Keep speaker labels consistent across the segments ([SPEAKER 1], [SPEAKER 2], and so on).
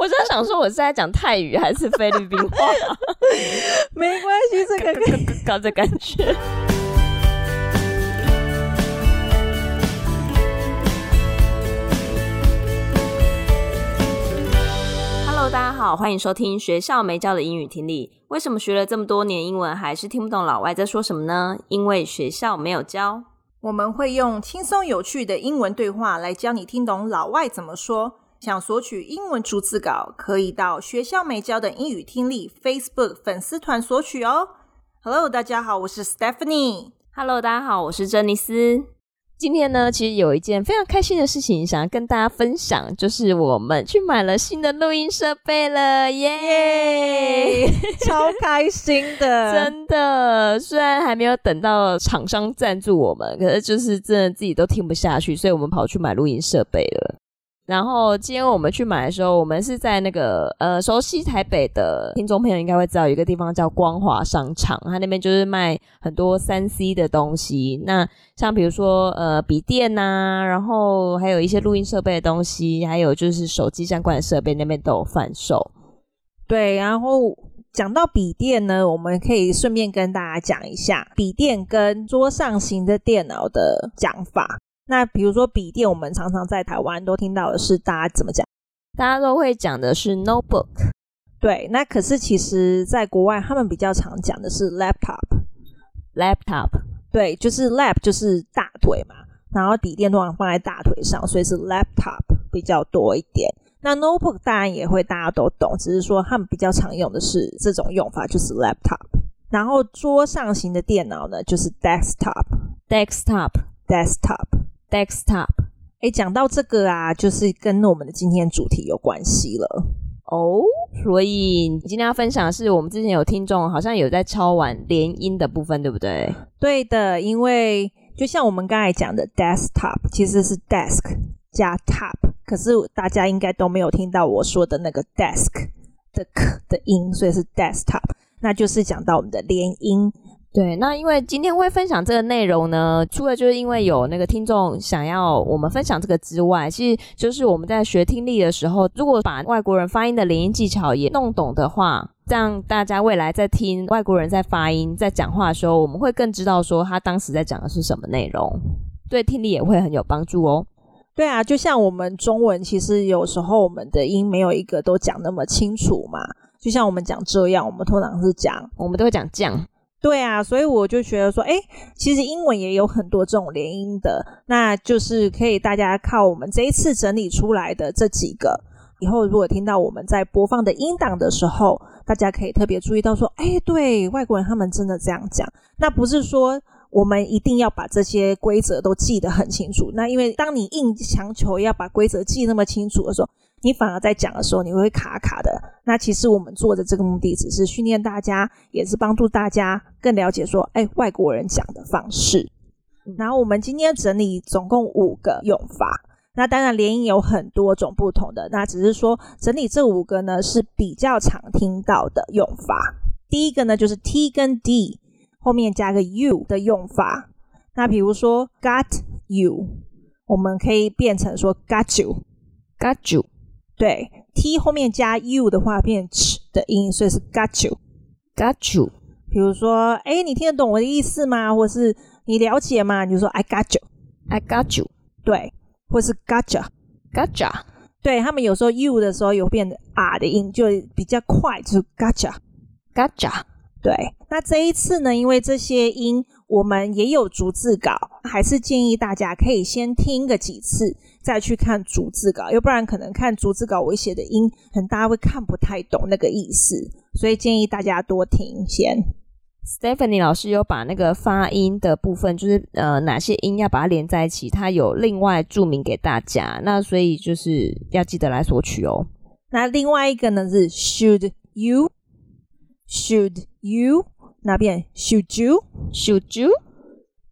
[SPEAKER 1] 我在想說，我是在講泰語還是菲律賓話？ 沒關係，這個感， 搞這感覺。 Hello，大家好，歡迎收聽學校沒教的英語聽力。為什麼學了這麼多年英文，還是聽不懂老外在說什麼呢？因為學校沒有教。我們會用輕鬆有趣的英文對話來教你聽懂老外怎麼說。想索取英文逐字稿，可以到學校沒教的英語聽力 Facebook 粉絲團索取哦。Hello，大家好，我是 Stephanie。Hello，大家好，我是珍妮絲。今天呢，其實有一件非常開心的事情想要跟大家分享，就是我們去買了新的錄音設備了耶！Yeah! Yeah! 超開心的， 真的。雖然還沒有等到廠商贊助我們，可是就是真的自己都聽不下去，所以我們跑去買錄音設備了。然後今天我們去買的時候，我們是在那個呃，熟悉台北的聽眾朋友應該會知道，有一個地方叫光華商場，它那邊就是賣很多三 C 的東西。那像比如說呃，筆電吶、啊，然後還有一些錄音設備的東西，還有就是手機相關的設備，那邊都有販售。對，然後講到筆電呢，我們可以順便跟大家講一下筆電跟桌上型的電腦的講法。那比如說筆電，我們常常在台灣都聽到的是大家怎麼講？大家都會講的是 notebook，對。那可是其實在國外他們比較常講的是 laptop，laptop，對，就是 lap 就是大腿嘛，然後筆電通常放在大腿上，所以是 laptop 比較多一點。那 notebook 當然也會，大家都懂，只是說他們比較常用的是這種用法，就是 laptop。然後桌上型的電腦呢，就是 desktop，desktop，desktop。Desktop des Desktop，哎，講到這個啊，就是跟我們的今天主題有關係了哦。Oh, 所以你今天要分享的是，我們之前有聽眾好像有在抄完連音的部分，對不對？對的，因為就像我們剛才講的，desktop 其實是 desk 加 top，可是大家應該都沒有聽到我說的那個 desk 的 k 的音，所以是 desktop，那就是講到我們的連音。對，那因為今天會分享這個內容呢，除了就是因為有那個聽眾想要我們分享這個之外，其實就是我們在學聽力的時候，如果把外國人發音的連音技巧也弄懂的話，這樣大家未來在聽外國人在發音、在講話的時候，我們會更知道說他當時在講的是什麼內容，對聽力也會很有幫助哦。對啊，就像我們中文，其實有時候我們的音沒有一個都講那麼清楚嘛，就像我們講這樣，我們通常是講，我們都會講醬。對啊，所以我就覺得說，誒，其實英文也有很多這種連音的，那就是可以大家靠我們這一次整理出來的這幾個，以後如果聽到我們在播放的音檔的時候，大家可以特別注意到說，誒，對，外國人他們真的這樣講，那不是說我們一定要把這些規則都記得很清楚，那因為當你硬強求要把規則記那麼清楚的時候。你反而在講的時候，你會卡卡的。那其實我們做的這個目的，只是訓練大家，也是幫助大家更了解說，哎，外國人講的方式。嗯。然後我們今天整理總共五個用法。那當然連音有很多種不同的，那只是說整理這五個呢是比較常聽到的用法。第一個呢就是 T 跟 D 後面加個 U 的用法。那比如說 Got you，我們可以變成說 Got you，Got you。對，t 後面加 u 的話變 ch 的音，所以是 got you，got you。比如說，哎，你聽得懂我的意思嗎？或是你了解嗎？你就說 I got you，I got you。對，或是 gotcha，gotcha。對，他們有時候 u 的時候有變 r 的音，就比較快，就是 gotcha，gotcha。對，那這一次呢，因為這些音我們也有逐字稿，還是建議大家可以先聽個幾次。再去看逐字稿，要不然可能看逐字稿我寫的音，很大家會看不太懂那個意思，所以建議大家多聽先。Stephanie 老師有把那個發音的部分，就是呃哪些音要把它連在一起，它有另外注明給大家，那所以就是要記得來索取哦、喔。那另外一個呢是 should you? should you，should you，哪邊？Should you？Should you？Should you?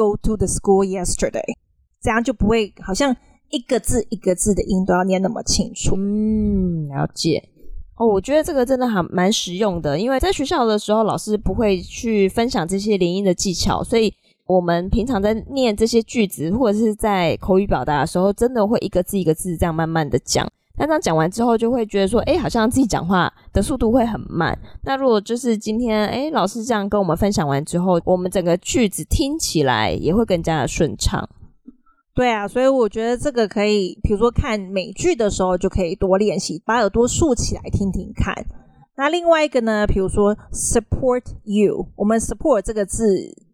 [SPEAKER 1] Go to the school yesterday。這樣就不會好像一個字一個字的音都要念那麼清楚。嗯，了解。哦，oh，我覺得這個真的還蠻實用的，因為在學校的時候，老師不會去分享這些連音的技巧，所以我們平常在念這些句子或者是在口語表達的時候，真的會一個字一個字這樣慢慢的講。那這樣講完之後，就會覺得說，哎、欸，好像自己講話的速度會很慢。那如果就是今天，哎、欸，老師這樣跟我們分享完之後，我們整個句子聽起來也會更加的順暢。對啊，所以我覺得這個可以，比如說看美劇的時候就可以多練習，把耳朵豎起來聽聽看。那另外一個呢，比如說 support you，我們 support 這個字，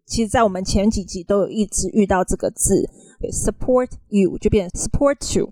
[SPEAKER 1] 其實在我們前幾集都有一直遇到這個字，support you 就變成 support you。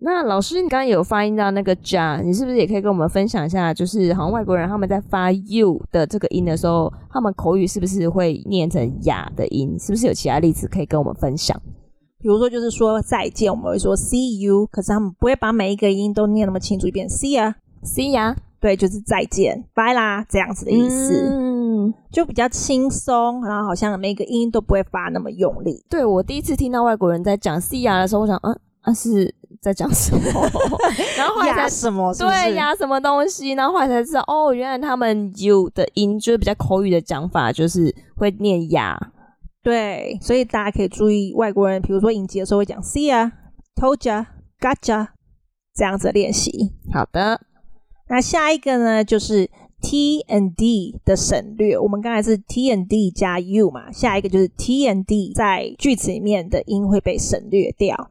[SPEAKER 1] 那老師，你剛剛有發音到那個 ja，你是不是也可以跟我們分享一下？就是好像外國人他們在發 you 的這個音的時候，他們口語是不是會念成呀的音？是不是有其他例子可以跟我們分享？比如說，就是說再見，我們會說 see you，可是他們不會把每一個音都念那麼清楚一遍。see ya，see ya 對，就是再見，拜啦，這樣子的意思，嗯，就比較輕鬆，然後好像每一個音都不會發那麼用力。對，我第一次聽到外國人在講 see ya 的時候，我想啊。啊、是在講什麼？ 然後後來什麼？壓對，壓什麼東西？然後後來才知道，哦，原來他們有的音就是比較口語的講法，就是會念壓。對，所以大家可以注意外國人，比如說影集的時候會講 See ya, told ya, got ya 這樣子練習。好的，那下一個呢就是 T and D 的省略。我們剛才是 T and D 加 U 嘛，下一個就是 T and D 在句子裡面的音會被省略掉。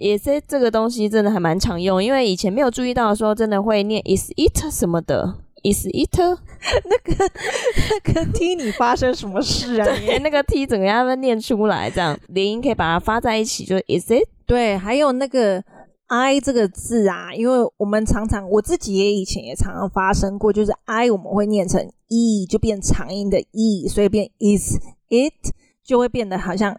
[SPEAKER 1] is it 這個東西真的還蠻常用，因為以前沒有注意到說真的會念 is it 什麼的 is it 那個那個 t 你發生什麼事啊對？那個 t 怎麼樣都念出來？這樣連音可以把它發在一起，就是 is it。對，還有那個 i 這個字啊，因為我們常常我自己也以前也常常發生過，就是 i 我們會念成 e，就變長音的 e，所以變 is it 就會變得好像。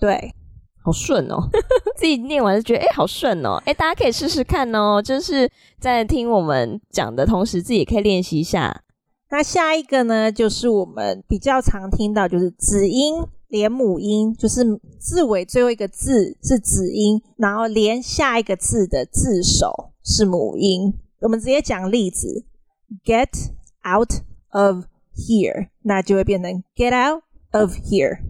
[SPEAKER 1] 對，好順哦， 自己念完就覺得哎、欸，好順哦，哎、欸，大家可以試試看哦，就是在聽我們講的同時，自己也可以練習一下。那下一個呢，就是我們比較常聽到，就是子音連母音，就是字尾最後一個字是子音，然後連下一個字的字首是母音。我們直接講例子，get out of here，那就會變成 get out of here。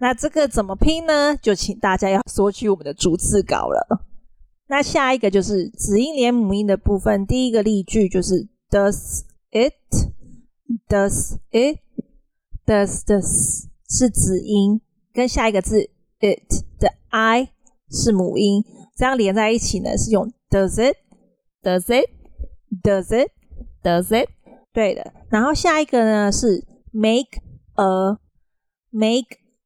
[SPEAKER 1] 那這個怎麼拼呢？就請大家要索取我們的逐字稿了。那下一個就是子音連母音的部分。第一個例句就是 Does it? Does it? Does 的 s 是子音，跟下一個字 It 的 I 是母音，這樣連在一起呢是用 Does it? Does it? Does it? Does it? Does it? Does it? 對的。然後下一個呢是 Make a make。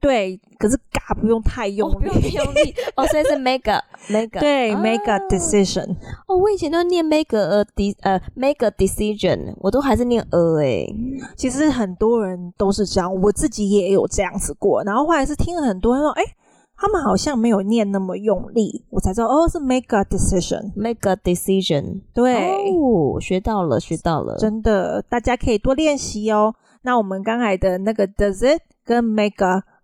[SPEAKER 1] 對，可是嘎不用太用力，我、哦、不用力、 哦，所以是 make a, make a, 對、oh, make a decision。哦，我以前都念 make a dec、uh, 呃 make a decision，我都還是念 a、呃、哎、欸。嗯、其實很多人都是這樣，我自己也有這樣子過，然後後來是聽了很多人說，說、欸、哎，他們好像沒有念那麼用力，我才知道哦是 make a decision，make a decision。對，哦，學到了，學到了，真的，大家可以多練習哦。那我們剛才的那個 does it 跟 make a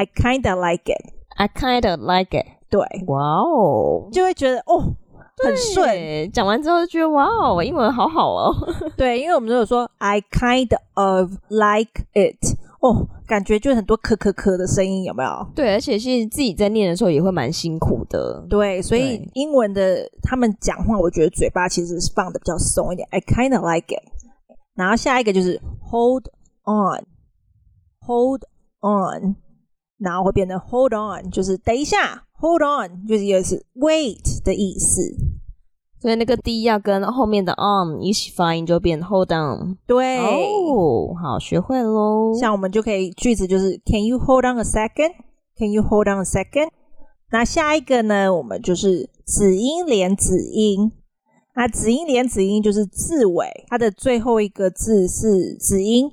[SPEAKER 1] I kind of like it. I kind of like it. 對，哇哦 Wow，就會覺得哦，對很順。講完之後就覺得哇哦，英文好好哦。 對，因為我們都有說 I kind of like it。哦，感覺就很多咳咳咳的聲音，有沒有？對，而且是自己在念的時候也會蠻辛苦的。對，所以英文的他們講話，我覺得嘴巴其實是放得比較鬆一點。I kind of like it。然後下一個就是 Hold on, Hold on。然後會變成 hold on，就是等一下，hold on 就是也是 wait 的意思，所以那個 d 要跟後面的 on 一起發音，就變 hold on。對，哦，oh, 好，學會嘍。像我們就可以句子就是 Can you hold on a second? Can you hold on a second? 那下一個呢，我們就是子音連子音。那子音連子音就是字尾，它的最後一個字是子音。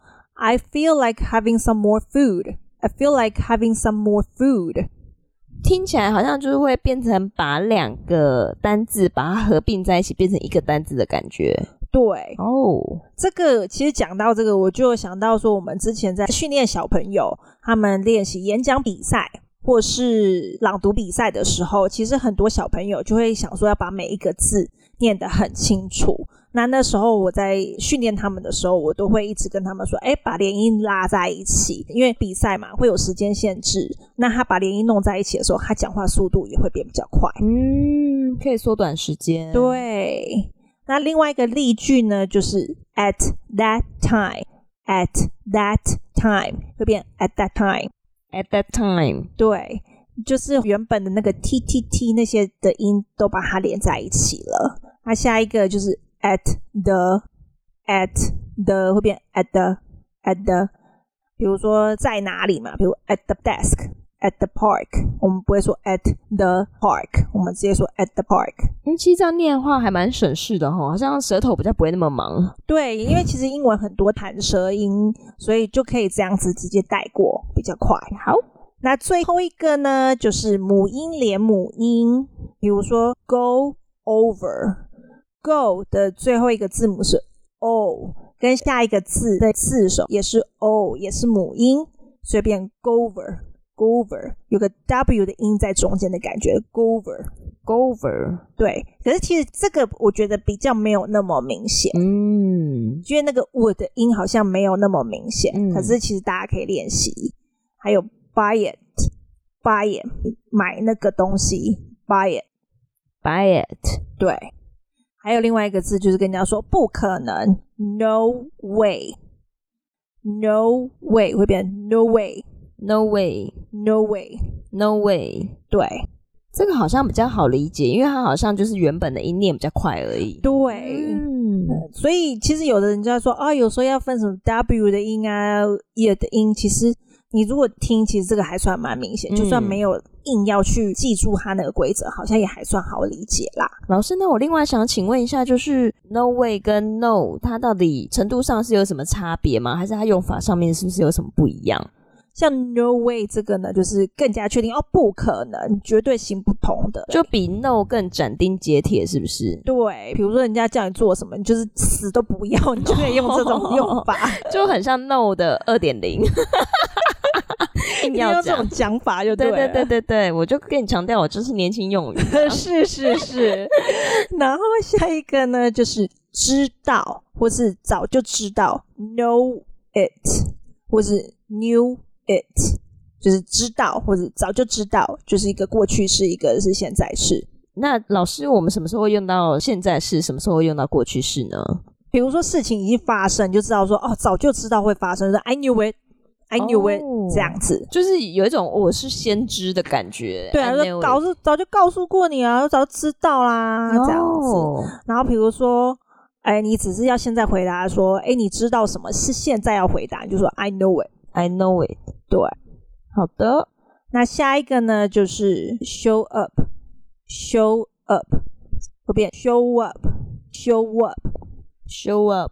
[SPEAKER 1] I feel like having some more food. I feel like having some more food. 聽起來好像就是會變成把兩個單字把它合併在一起，變成一個單字的感覺。對，哦，Oh. 這個其實講到這個，我就有想到說，我們之前在訓練小朋友，他們練習演講比賽或是朗讀比賽的時候，其實很多小朋友就會想說，要把每一個字念得很清楚。那那時候我在訓練他們的時候，我都會一直跟他們說：“哎，把連音拉在一起，因為比賽嘛，會有時間限制。那他把連音弄在一起的時候，他講話速度也會變比較快。”嗯，可以縮短時間。對。那另外一個例句呢，就是 “at that time”，“at that time” 會變 “at that time”，“at that time”。對，就是原本的那個 “t t t” 那些的音都把它連在一起了。那下一個就是。at the at the 會變 at the at the，比如說在哪裡嘛，比如 at the desk at the park，我們不會說 at the park，我們直接說 at the park。嗯，其實這樣念話還蠻省事的哈、哦，好像舌頭比較不會那麼忙。對，因為其實英文很多彈舌音，所以就可以這樣子直接帶過，比較快。好，那最後一個呢，就是母音連母音，比如說 go over。Go 的最後一個字母是 o，跟下一個字的次首也是 o，也是母音，所以變 g o v e r g o v e r 有個 w 的音在中間的感覺 g o v e r g o v e r 對。可是其實這個我覺得比較沒有那麼明顯，嗯，mm. 因為那個 w 的音好像沒有那麼明顯。Mm. 可是其實大家可以練習，還有 bu it, Buy it，Buy it，買那個東西，Buy it，Buy it, buy it. 對。還有另外一個字，就是跟人家說不可能，no way，no way 會變成 no way，no way，no way，no way。對，這個好像比較好理解，因為它好像就是原本的音念比較快而已。對，嗯，所以其實有的人家說啊，有時候要分什麼 w 的音啊，e 的音，其實。你如果聽，其實這個還算蠻明顯。就算沒有硬要去記住它那個規則，好像也還算好理解啦。老師，那我另外想請問一下，就是 no way 跟 no，它到底程度上是有什麼差別嗎？還是它用法上面是不是有什麼不一樣？像 no way 這個呢，就是更加確定，哦，不可能，絕對行不通的，就比 no 更斬釘截鐵，是不是？對，比如說人家叫你做什麼，你就是死都不要，你就可以用這種用法，oh, 就很像 no 的二點零。你要,你要用這種講法，又 對對對對對，我就跟你強調，我就是年輕用語、啊 是。是是是， 然後下一個呢，就是知道或是早就知道，know it 或是 knew it，就是知道或是早就知道，就是一個過去式，一個是現在式。那老師，我們什麼時候用到現在式？什麼時候用到過去式呢？比如說事情已經發生，你就知道說哦，早就知道會發生，說、就是、I knew it。I knew it，oh，這樣子就是有一種、哦，我是先知的感覺。對啊，早 knew 早就告訴過你啊，早就知道啦，No. 這樣子。然後比如說，哎、欸，你只是要現在回答說，哎、欸，你知道什麼是現在要回答，你就說 I know it，I know it。Know it. 對，好的。那下一個呢，就是 show up，show up，不變，show up，show up，show up。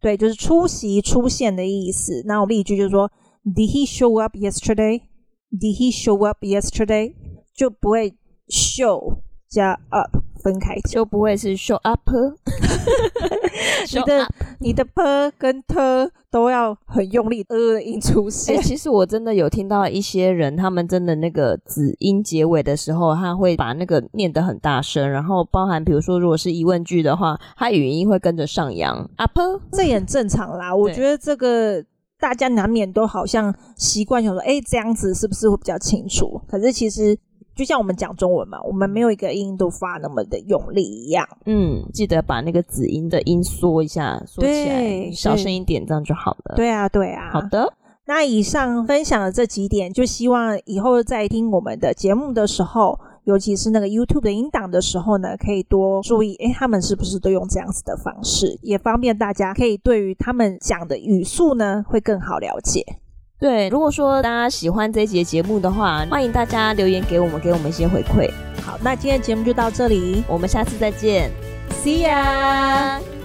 [SPEAKER 1] 對，就是出席出現的意思。那我例句就是說。Did he show up yesterday? Did he show up yesterday? 就不會 show 加 up 分開，就不會是 show up。 Show 你的 up 你的 per 跟 t 都要很用力，呃，音出聲、欸。其實我真的有聽到一些人，他們真的那個子音結尾的時候，他會把那個念得很大聲，然後包含比如說如果是疑問句的話，他語音會跟着上揚。up，e r 這也很正常啦。我覺得這個。大家難免都好像習慣想說，哎、欸，這樣子是不是會比較清楚？可是其實就像我們講中文嘛，我們沒有一個音，音都發那麼的用力一樣。嗯，記得把那個子音的音縮一下，縮起來，對小聲一點，是這樣就好了。對啊，對啊。好的，那以上分享的這幾點，就希望以後再聽我們的節目的時候。尤其是那個 YouTube 的音檔的時候呢，可以多注意，誒，他們是不是都用這樣子的方式？也方便大家可以對於他們講的語速呢，會更好了解。對，如果說大家喜歡這一集節目的話，歡迎大家留言給我們，給我們一些回饋。好，那今天的節目就到這裡，我們下次再見，See ya!